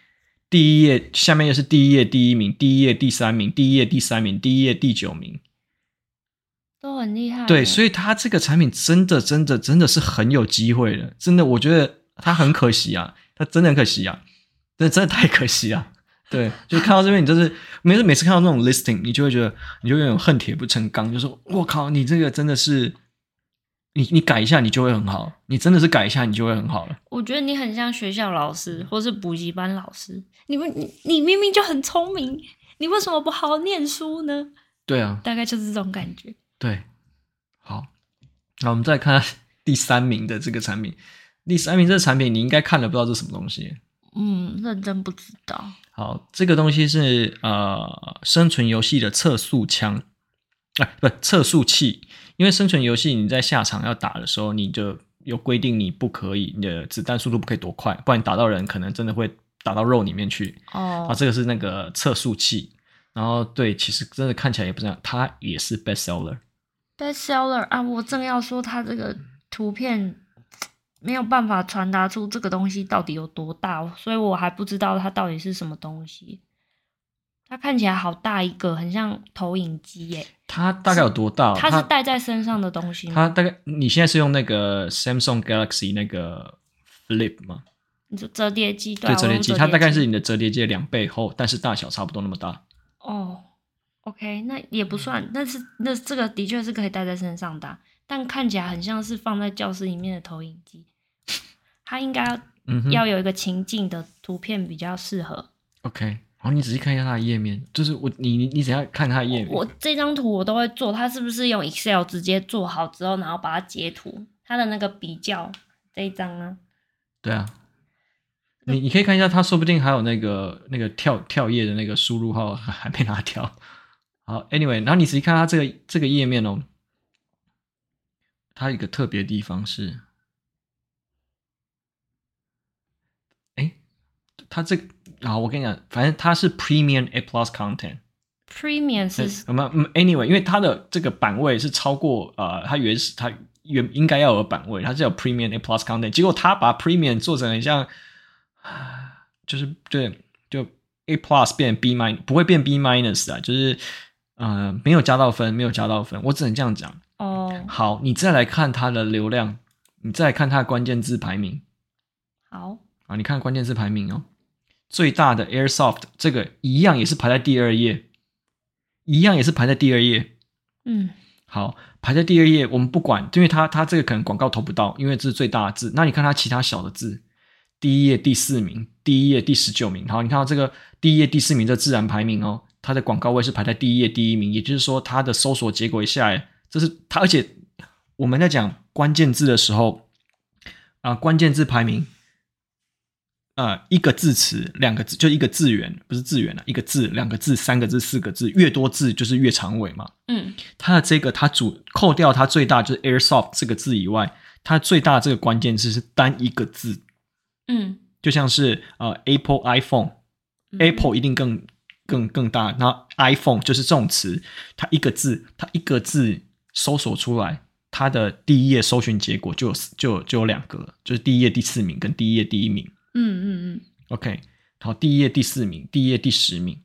第一頁下面又是第一頁第一名，第一頁第三名，第一頁第三名，第一頁第三名，第一頁第第九名，都很厲害。對，所以它這個產品真的真的真的是很有機會的，真的我覺得它很可惜啊，它真的很可惜啊。那真的太可惜了。對，就看到這邊，你就是每次 [laughs] 每次看到那種 listing，你就會覺得你就會有種恨鐵不成鋼，就說：“我靠，你這個真的是，你你改一下，你就會很好。你真的是改一下，你就會很好了。”我覺得你很像學校老師或是補習班老師。你不，你明明就很聰明，你為什麼不好好念書呢？對啊，大概就是這種感覺。對，好，那我們再看看第三名的這個產品。第三名這個產品，你應該看了，不知道是什麼東西。嗯，認真不知道。好，這個東西是呃，生存遊戲的測速槍，呃、啊，不測速器，因為生存遊戲你在下場要打的時候，你就有規定你不可以你的子彈速度不可以多快，不然你打到人可能真的會打到肉裡面去。哦，啊，這個是那個測速器，然後對，其實真的看起來也不像，它也是 best seller。best seller 啊，我正要說它這個圖片，沒有辦法傳達出這個東西到底有多大。哦，所以我還不知道它到底是什麼東西。它看起來好大一個，很像投影機耶。它大概有多大哦？它，它是帶在身上的東西。它大概你現在是用那個 Samsung Galaxy 那個 Flip 嗎？你說折疊機對。啊、折疊機，它大概是你的折疊機的兩倍厚，但是大小差不多那麼大。哦，OK，那也不算，但是那這個的確是可以帶在身上的。啊。但看起來很像是放在教室裡面的投影機， [laughs] 它應該要，嗯、要有一個情境的圖片比較適合。OK，然後，哦、你仔細看一下它的頁面，就是我你你你等下看它的頁面。我，我這張圖我都會做，它是不是用 Excel 直接做好之後，然後把它截圖，它的那個比較這一張呢？對啊，你你可以看一下，它說不定還有那個那個跳跳頁的那個輸入號還沒拿掉。好，Anyway，然後你仔細看它這個這個頁面哦。它有一個特別的地方是，哎，它這個，啊，我跟你講，反正它是 premium a plus content，premium 是什麼？嗯，anyway，因為它的這個版位是超過呃它原始它原應該要有的版位，它是有 premium a plus content，結果它把 premium 做成很像，就是對，就 a plus 變 b minus，不會變 b minus 啊，就是呃，沒有加到分，沒有加到分，我只能這樣講。哦、oh.，好，你再來看它的流量，你再來看它的關鍵字排名。Oh. 好啊，你看關鍵字排名哦，最大的 Airsoft 這個一樣也是排在第二頁，一樣也是排在第二頁。嗯、mm.，好，排在第二頁，我們不管，因為它它這個可能廣告投不到，因為這是最大的字。那你看它其他小的字，第一頁第四名，第一頁第十九名。好，你看到這個第一頁第四名的自然排名哦，它的廣告位是排在第一頁第一名，也就是說它的搜索結果一下。就是它，而且我們在講關鍵字的時候，啊、呃，關鍵字排名，呃、一個字詞，兩個字，就一個字元，不是字元了，啊，一個字，兩個字，三個字，四個字，越多字就是越長尾嘛。嗯，它的這個，它主扣掉它最大的就是 Airsoft 這個字以外，它最大的這個關鍵字是單一個字。嗯，就像是呃，Apple iPhone，Apple、嗯、一定更更更大，然後 iPhone 就是這種詞，它一個字，它一個字。搜索出來，它的第一頁搜尋結果就就就有兩個，就是第一頁第四名跟第一頁第一名。嗯嗯嗯。OK，好，第一頁第四名，第一頁第十名。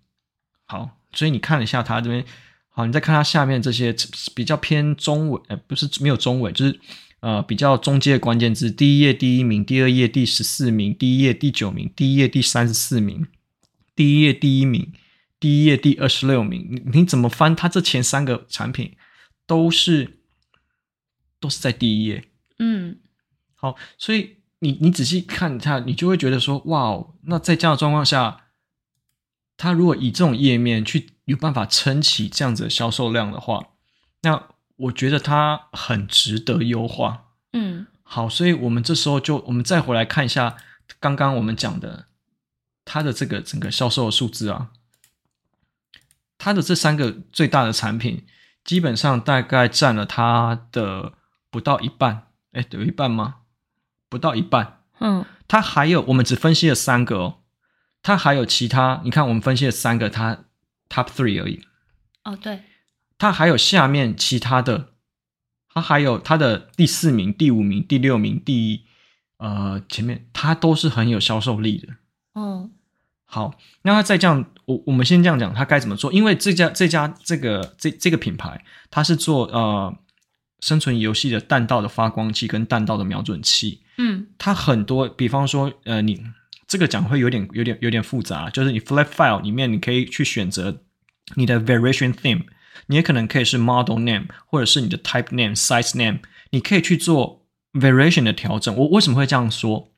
好，所以你看一下它這邊，好，你再看它下面這些比較偏中尾，呃，不是沒有中尾，就是呃比較中間的關鍵字。第一頁第一名，第二頁第十四名，第一頁第九名，第一頁第三十四名，第一頁第一名，第一頁第二十六名，你，你怎麼翻它這前三個產品？都是都是在第一頁，嗯，好，所以你你仔細看一下，你就會覺得說，哇哦，那在這樣的狀況下，他如果以這種頁面去有辦法撐起這樣子的銷售量的話，那我覺得它很值得優化，嗯，好，所以我們這時候就我們再回來看一下剛剛我們講的它的這個整個銷售的數字啊，它的這三個最大的產品。基本上大概佔了它的不到一半，哎，有一半嗎？不到一半。嗯，它還有，我們只分析了三個，哦。它還有其他。你看，我們分析了三個，它 top three 而已。哦，對。它還有下面其他的，它還有它的第四名、第五名、第六名、第一呃前面，它都是很有銷售力的。嗯、哦。好，那他再這樣，我我們先這樣講，他該怎麼做？因為這家這家這個這這個品牌，它是做呃生存遊戲的彈道的發光器跟彈道的瞄準器。嗯，它很多，比方說呃，你這個講會有點有點有點複雜，就是你 flat file 裡面你可以去選擇你的 variation theme，你也可能可以是 model name 或者是你的 type name size name，你可以去做 variation 的調整。我為什麼會這樣說？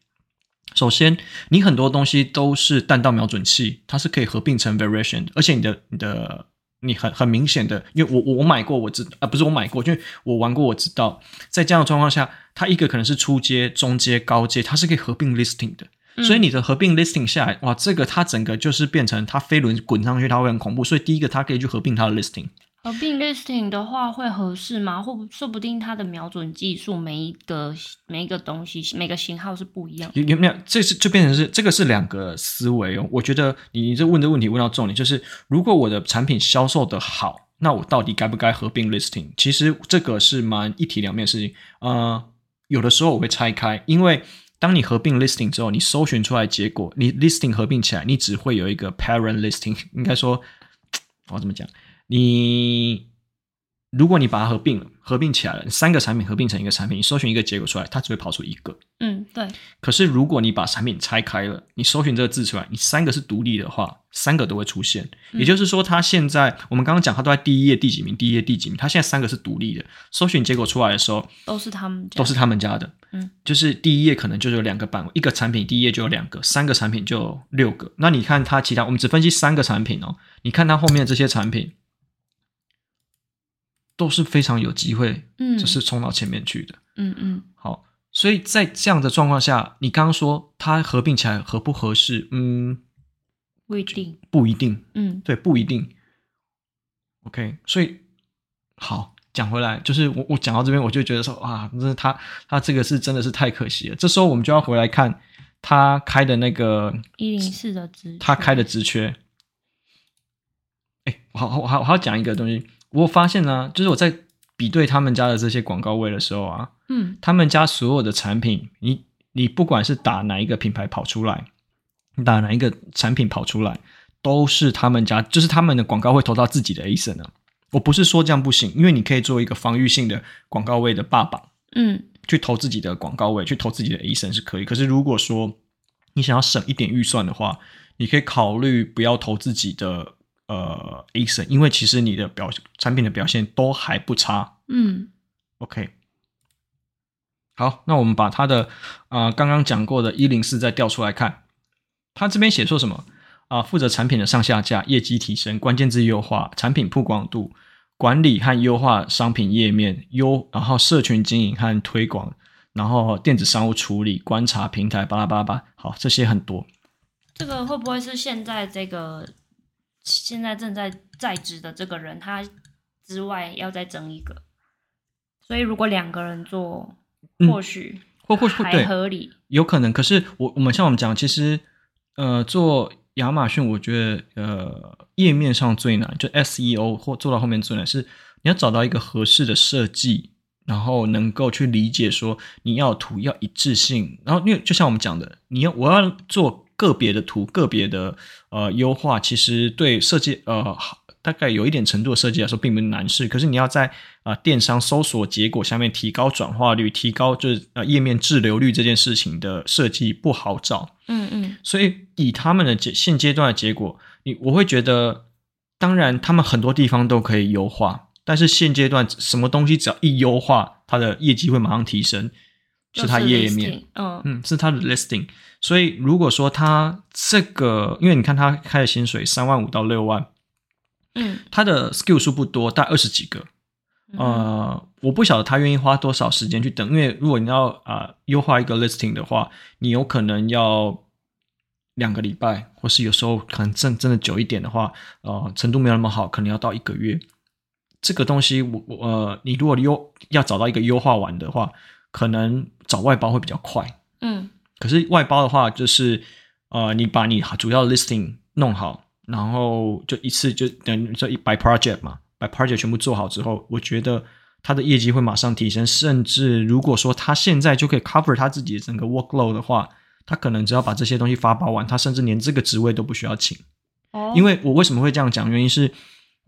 首先，你很多東西都是彈道瞄準器，它是可以合併成 variation 的。而且你的、你的、你很很明顯的，因為我、我、買過，我知啊，不是我買過，因為我玩過，我知道，在這樣的狀況下，它一個可能是初階、中階、高階，它是可以合併 listing 的。所以你的合併 listing 下來、嗯，哇，這個它整個就是變成它飛輪滾上去，它會很恐怖。所以第一個，它可以去合併它的 listing。合併 listing 的話會合適嗎？或說不定它的瞄準技術，每一個每一個東西，每個型號是不一樣。有沒有？這是就變成是這個是兩個思維哦。我覺得你這問這問題問到重點，就是如果我的產品銷售得好，那我到底該不該合併 listing？其實這個是蠻一體兩面的事情。呃，有的時候我會拆開，因為當你合併 listing 之後，你搜尋出來結果，你 listing 合併起來，你只會有一個 parent listing。應該說，我怎麼講？你如果你把它合併了，合併起來了，你三個產品合併成一個產品，你搜尋一個結果出來，它只會跑出一個。嗯，對。可是如果你把產品拆開了，你搜尋這個字出來，你三個是獨立的話，三個都會出現。嗯，也就是說，它現在我們剛剛講，它都在第一頁第幾名，第一頁第幾名，它現在三個是獨立的，搜尋結果出來的時候，都是他們家的，都是他們家的。嗯，就是第一頁可能就有兩個版，一個產品第一頁就有兩個，三個產品就有六個。那你看它其他，我們只分析三個產品哦，你看它後面的這些產品。都是非常有機會，嗯，就是衝到前面去的，嗯嗯、嗯，好，所以在這樣的狀況下，你剛剛說它合併起來合不合適？嗯，不一定，不一定，嗯，對，不一定。OK，所以好，講回來，就是我我講到這邊，我就覺得說啊，那他他這個是真的是太可惜了。這時候我們就要回來看他開的那個一零四的職，他開的職缺。哎、欸，我好我好我還要講一個、嗯、東西。我發現呢、啊，就是我在比對他們家的這些廣告位的時候啊，嗯，他們家所有的產品，你你不管是打哪一個品牌跑出來，你打哪一個產品跑出來，都是他們家，就是他們的廣告會投到自己的 ASIN 呢、啊。我不是說這樣不行，因為你可以做一個防御性的廣告位的霸榜，嗯，去投自己的廣告位，去投自己的 ASIN 是可以。可是如果說你想要省一點預算的話，你可以考慮不要投自己的。呃，ason，因為其實你的表產品的表現都還不差，嗯，OK，好，那我們把它的啊、呃、剛剛講過的一零四再調出來看，他這邊寫說什麼啊、呃？負責產品的上下架、業績提升、關鍵字優化、產品曝光度管理和優化商品頁面優，然後社群經營和推廣，然後電子商務處理、觀察平台，巴拉巴拉巴，好，這些很多。這個會不會是現在這個？現在正在在職的這個人，他之外要再徵一個，所以如果兩個人做，或許或或許還合理，嗯或許，有可能。可是我我們像我們講，其實呃做亞馬遜，我覺得呃頁面上最難，就 SEO 或做到後面最難是你要找到一個合適的設計，然後能夠去理解說你要圖要一致性，然後因為就像我們講的，你要我要做。個別的圖，個別的呃優化，其實對設計呃大概有一點程度的設計來說，並不是難事。可是你要在啊、呃、電商搜索結果下面提高轉化率，提高就是啊、呃、頁面滯留率這件事情的設計不好找。嗯嗯。所以以他們的階現階段的結果，你我會覺得，當然他們很多地方都可以優化，但是現階段什麼東西只要一優化，它的業績會馬上提升，是，listing, 是它頁面，嗯、哦、嗯，是它的 listing。所以，如果說他這個，因為你看他開的薪水三萬五到六萬，嗯，他的 skill 數不多，大概二十幾個、嗯，呃，我不曉得他願意花多少時間去等。因為如果你要啊、呃、優化一個 listing 的話，你有可能要兩個禮拜，或是有時候可能真真的久一點的話，呃，程度沒有那麼好，可能要到一個月。這個東西，我我、呃、你如果優要找到一個優化完的話，可能找外包會比較快，嗯。可是外包的話，就是，呃，你把你主要的 listing 弄好，然後就一次就等於 by project 嘛，by project 全部做好之後，我覺得他的業績會馬上提升。甚至如果說他現在就可以 cover 他自己的整個 workload 的話，他可能只要把這些東西發包完，他甚至連這個職位都不需要請。哦，因為我為什麼會這樣講，原因是。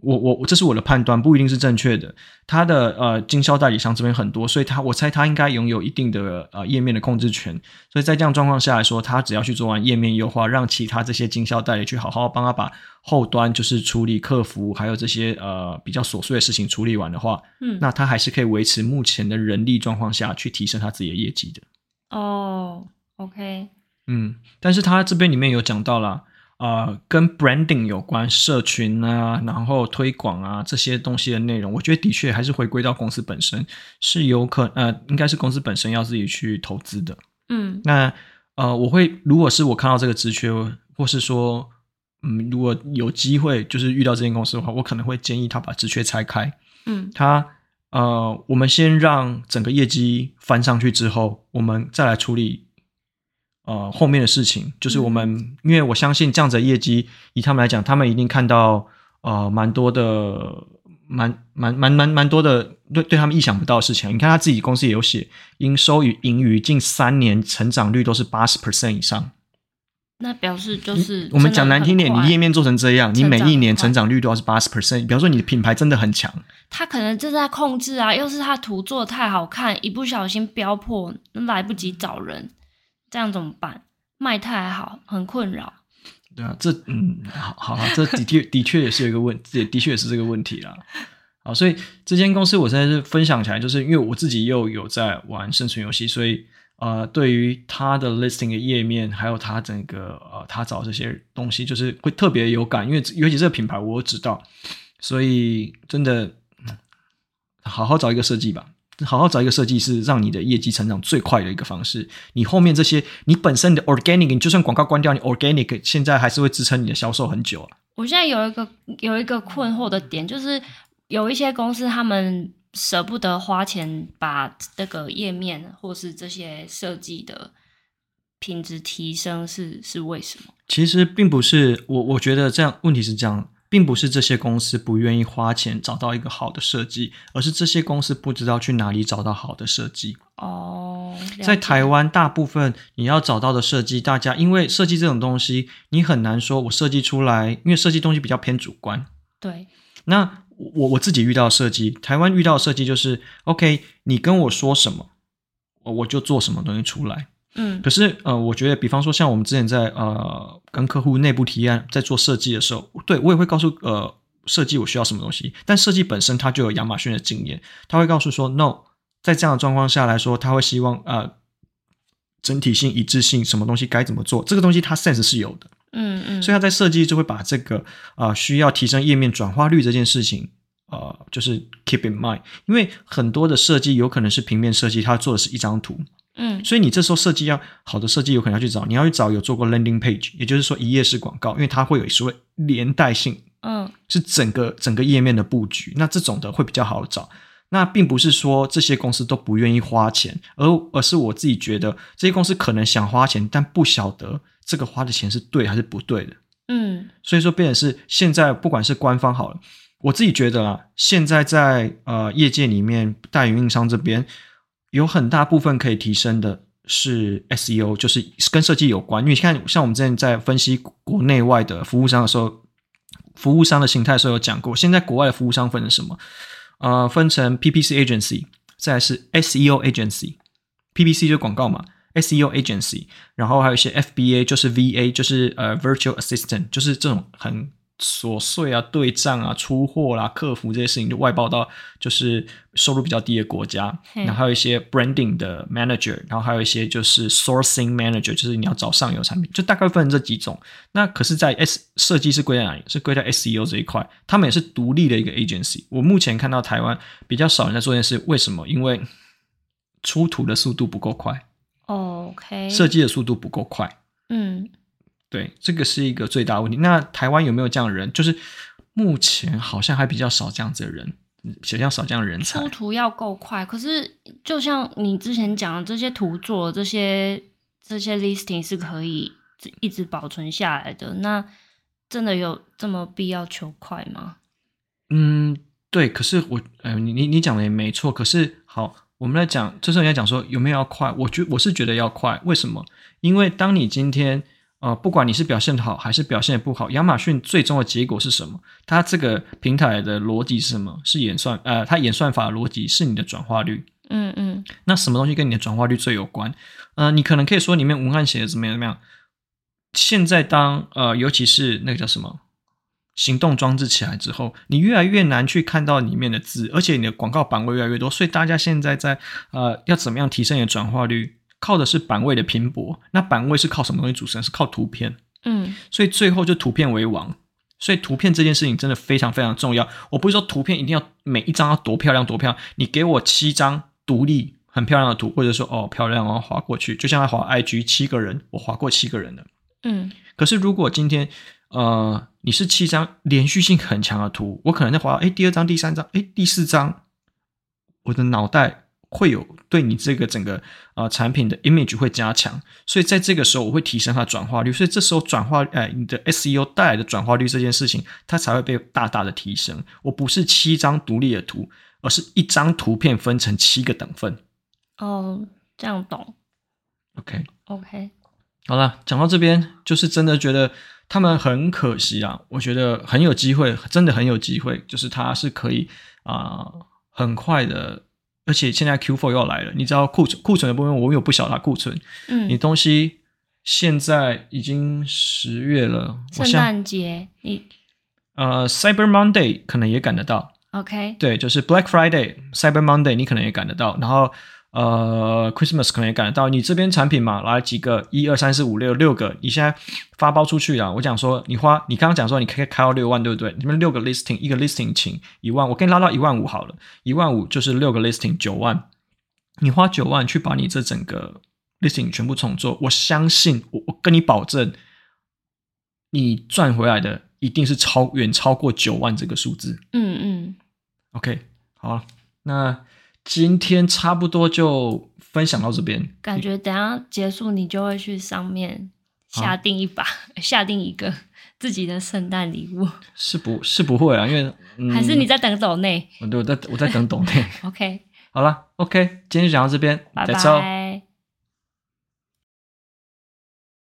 我我這是我的判斷，不一定是正確的。他的呃，經銷代理商這邊很多，所以他我猜他應該擁有一定的呃頁面的控制權。所以在這樣狀況下來說，他只要去做完頁面優化，讓其他這些經銷代理去好好幫他把後端就是處理客服，還有這些呃比較瑣碎的事情處理完的話，嗯，那他還是可以維持目前的人力狀況下去提升他自己的業績的。哦，OK，嗯，但是他這邊裡面有講到啦。呃，跟 branding 有關，社群啊，然後推廣啊這些東西的內容，我覺得的確還是回歸到公司本身是有可能、呃，應該是公司本身要自己去投資的。嗯，那呃，我會如果是我看到這個職缺，或是說嗯，如果有機會就是遇到這間公司的話，我可能會建議他把職缺拆開。嗯，他呃，我們先讓整個業績翻上去之後，我們再來處理。呃，後面的事情就是我們、嗯，因為我相信這樣子的業績，以他們來講，他們一定看到呃，蠻多的，蠻蠻蠻蠻蠻多的對對他們意想不到的事情。你看他自己公司也有寫，應收與盈餘近三年成長率都是八十 percent 以上，那表示就是我們講難聽點，你頁面做成這樣，你每一年成長，成長率都是八十 percent，比如說你的品牌真的很強，他可能正在控制啊，又是他的圖做得太好看，一不小心飆破，來不及找人。這樣怎麼辦？賣太好，很困擾。對、嗯、啊，這嗯，好好，好,這的確的確也是有一個問也 [laughs] 的確也是這個問題了。啊，所以這間公司我現在是分享起來，就是因為我自己又有在玩生存遊戲，所以、呃、對於他的 listing 的頁面，還有他整個呃，他找這些東西，就是會特別有感，因為尤其這個品牌我知道，所以真的好好找一個設計吧。好好找一個設計師，讓你的業績成長最快的一個方式。你後面這些，你本身的 organic，你就算廣告關掉，你 organic 現在還是會支撐你的銷售很久啊。我現在有一個有一個困惑的點，就是有一些公司他們捨不得花錢把這個頁面或是這些設計的品質提升是，是是為什麼？其實並不是我，我覺得這樣，問題是這樣。並不是這些公司不願意花錢找到一個好的設計，而是這些公司不知道去哪裡找到好的設計。哦，在台灣，大部分你要找到的設計，大家因為設計這種東西，你很難說我設計出來，因為設計東西比較偏主觀。對，那我我自己遇到的設計，台灣遇到的設計就是，OK，你跟我說什麼，我就做什麼東西出來。嗯，可是呃，我覺得比方說，像我們之前在呃跟客戶內部提案在做設計的時候，對，我也會告訴呃設計我需要什麼東西，但設計本身它就有亞馬遜的經驗，他會告訴說，no，在這樣的狀況下來說，他會希望呃整體性一致性什麼東西該怎麼做，這個東西他 sense 是有的，嗯嗯，所以他在設計就會把這個啊、呃、需要提升頁面轉化率這件事情啊、呃、就是 keep in mind，因為很多的設計有可能是平面設計，他做的是一張圖。嗯，所以你這時候設計要好的設計，有可能要去找，你要去找有做過 landing page，也就是說一頁式廣告，因為它會有所謂連帶性，嗯，是整個整個頁面的佈局，那這種的會比較好找。那並不是說這些公司都不願意花錢，而而是我自己覺得這些公司可能想花錢，但不曉得這個花的錢是對還是不對的。嗯，所以說變成是現在不管是官方好了，我自己覺得啦，現在在呃業界裡面，代運營商這邊。有很大部分可以提升的是 SEO，就是跟設計有關。因為你看，像我們之前在分析國內外的服務商的時候，服務商的形態的時候有講過。現在國外的服務商分成什麼？呃，分成 PPC agency，再是 SEO agency。PPC 就是廣告嘛，SEO agency，然後還有一些 FBA，就是 VA，就是呃、uh, virtual assistant，就是這種很瑣碎啊、對賬啊、出貨啦、啊、客服這些事情就外包到就是收入比較低的國家，然後還有一些 branding 的 manager，然後還有一些就是 sourcing manager，就是你要找上游產品，嗯、就大概分這幾種。那可是，在 s 設計是歸在哪裡？是歸在 SEO 這一塊，他們也是獨立的一個 agency。我目前看到台灣比較少人在做這件事，為什麼？因為出圖的速度不夠快、哦、OK，設計的速度不夠快。對，這個是一個最大問題。那台灣有沒有這樣的人？就是目前好像還比較少這樣子的人，比較少這樣的人才。出圖要夠快，可是就像你之前講的，這些圖做這些這些 listing 是可以一直保存下來的。那真的有這麼必要求快嗎？嗯，對。可是我，嗯、呃，你你你講的也沒錯。可是好，我們來講，這時候人家講說有沒有要快？我覺我是覺得要快，為什麼？因為當你今天。呃，不管你是表現的好還是表現的不好，亞馬遜最終的結果是什麼？它這個平台的邏輯是什麼？是演算，呃，它演算法的邏輯是你的轉化率。嗯嗯。那什麼東西跟你的轉化率最有關？呃，你可能可以說裡面文案寫的怎麼樣怎麼樣？現在當呃，尤其是那個叫什麼行動裝置起來之後，你越來越難去看到裡面的字，而且你的廣告版位越來越多，所以大家現在在呃，要怎麼樣提升你的轉化率？靠的是版位的拼搏，那版位是靠什麼東西組成？是靠圖片，嗯，所以最後就圖片為王，所以圖片這件事情真的非常非常重要。我不是說圖片一定要每一張要多漂亮多漂亮，你給我七張獨立很漂亮的圖，或者說哦漂亮哦，然後滑過去，就像他滑 IG 七個人，我滑過七個人的。嗯。可是如果今天呃你是七張連續性很強的圖，我可能在滑，誒、欸，第二張第三張、欸、第四張，我的腦袋會有。對，你這個整個啊、呃、產品的 image 會加強，所以在這個時候我會提升它轉化率，所以這時候轉化哎、呃、你的 SEO 帶來的轉化率這件事情，它才會被大大的提升。我不是七張獨立的圖，而是一張圖片分成七個等份。哦，這樣懂？OK OK，好了，講到這邊就是真的覺得他們很可惜啊，我覺得很有機會，真的很有機會，就是它是可以啊、呃、很快的。而且現在 Q4 又來了，你知道庫存庫存的部分，我有不少的庫存。嗯，你東西現在已經十月了，聖誕節你呃、uh, Cyber Monday 可能也趕得到。OK，對，就是 Black Friday、Cyber Monday 你可能也趕得到，然後。呃，Christmas 可能也趕得到。你這邊產品嘛，來幾個一二三四五六六個，你現在發包出去了、啊。我講說，你花，你剛剛講說你可以開到六萬，對不對？你們六個 listing，一個 listing 請一萬，我給你拉到一萬五好了，一萬五就是六個 listing 九萬。你花九萬去把你這整個 listing 全部重做，我相信，我我跟你保證，你賺回來的一定是超遠超過九萬這個數字。嗯嗯，OK，好，那。今天差不多就分享到這邊，感覺等一下結束你就會去上面下訂一把，啊、下訂一個自己的聖誕禮物，是不？是不會啊，因為、嗯、還是你在等抖內，對，我在，我在等抖內。 [laughs] OK，好了，OK，今天就講到這邊，拜拜。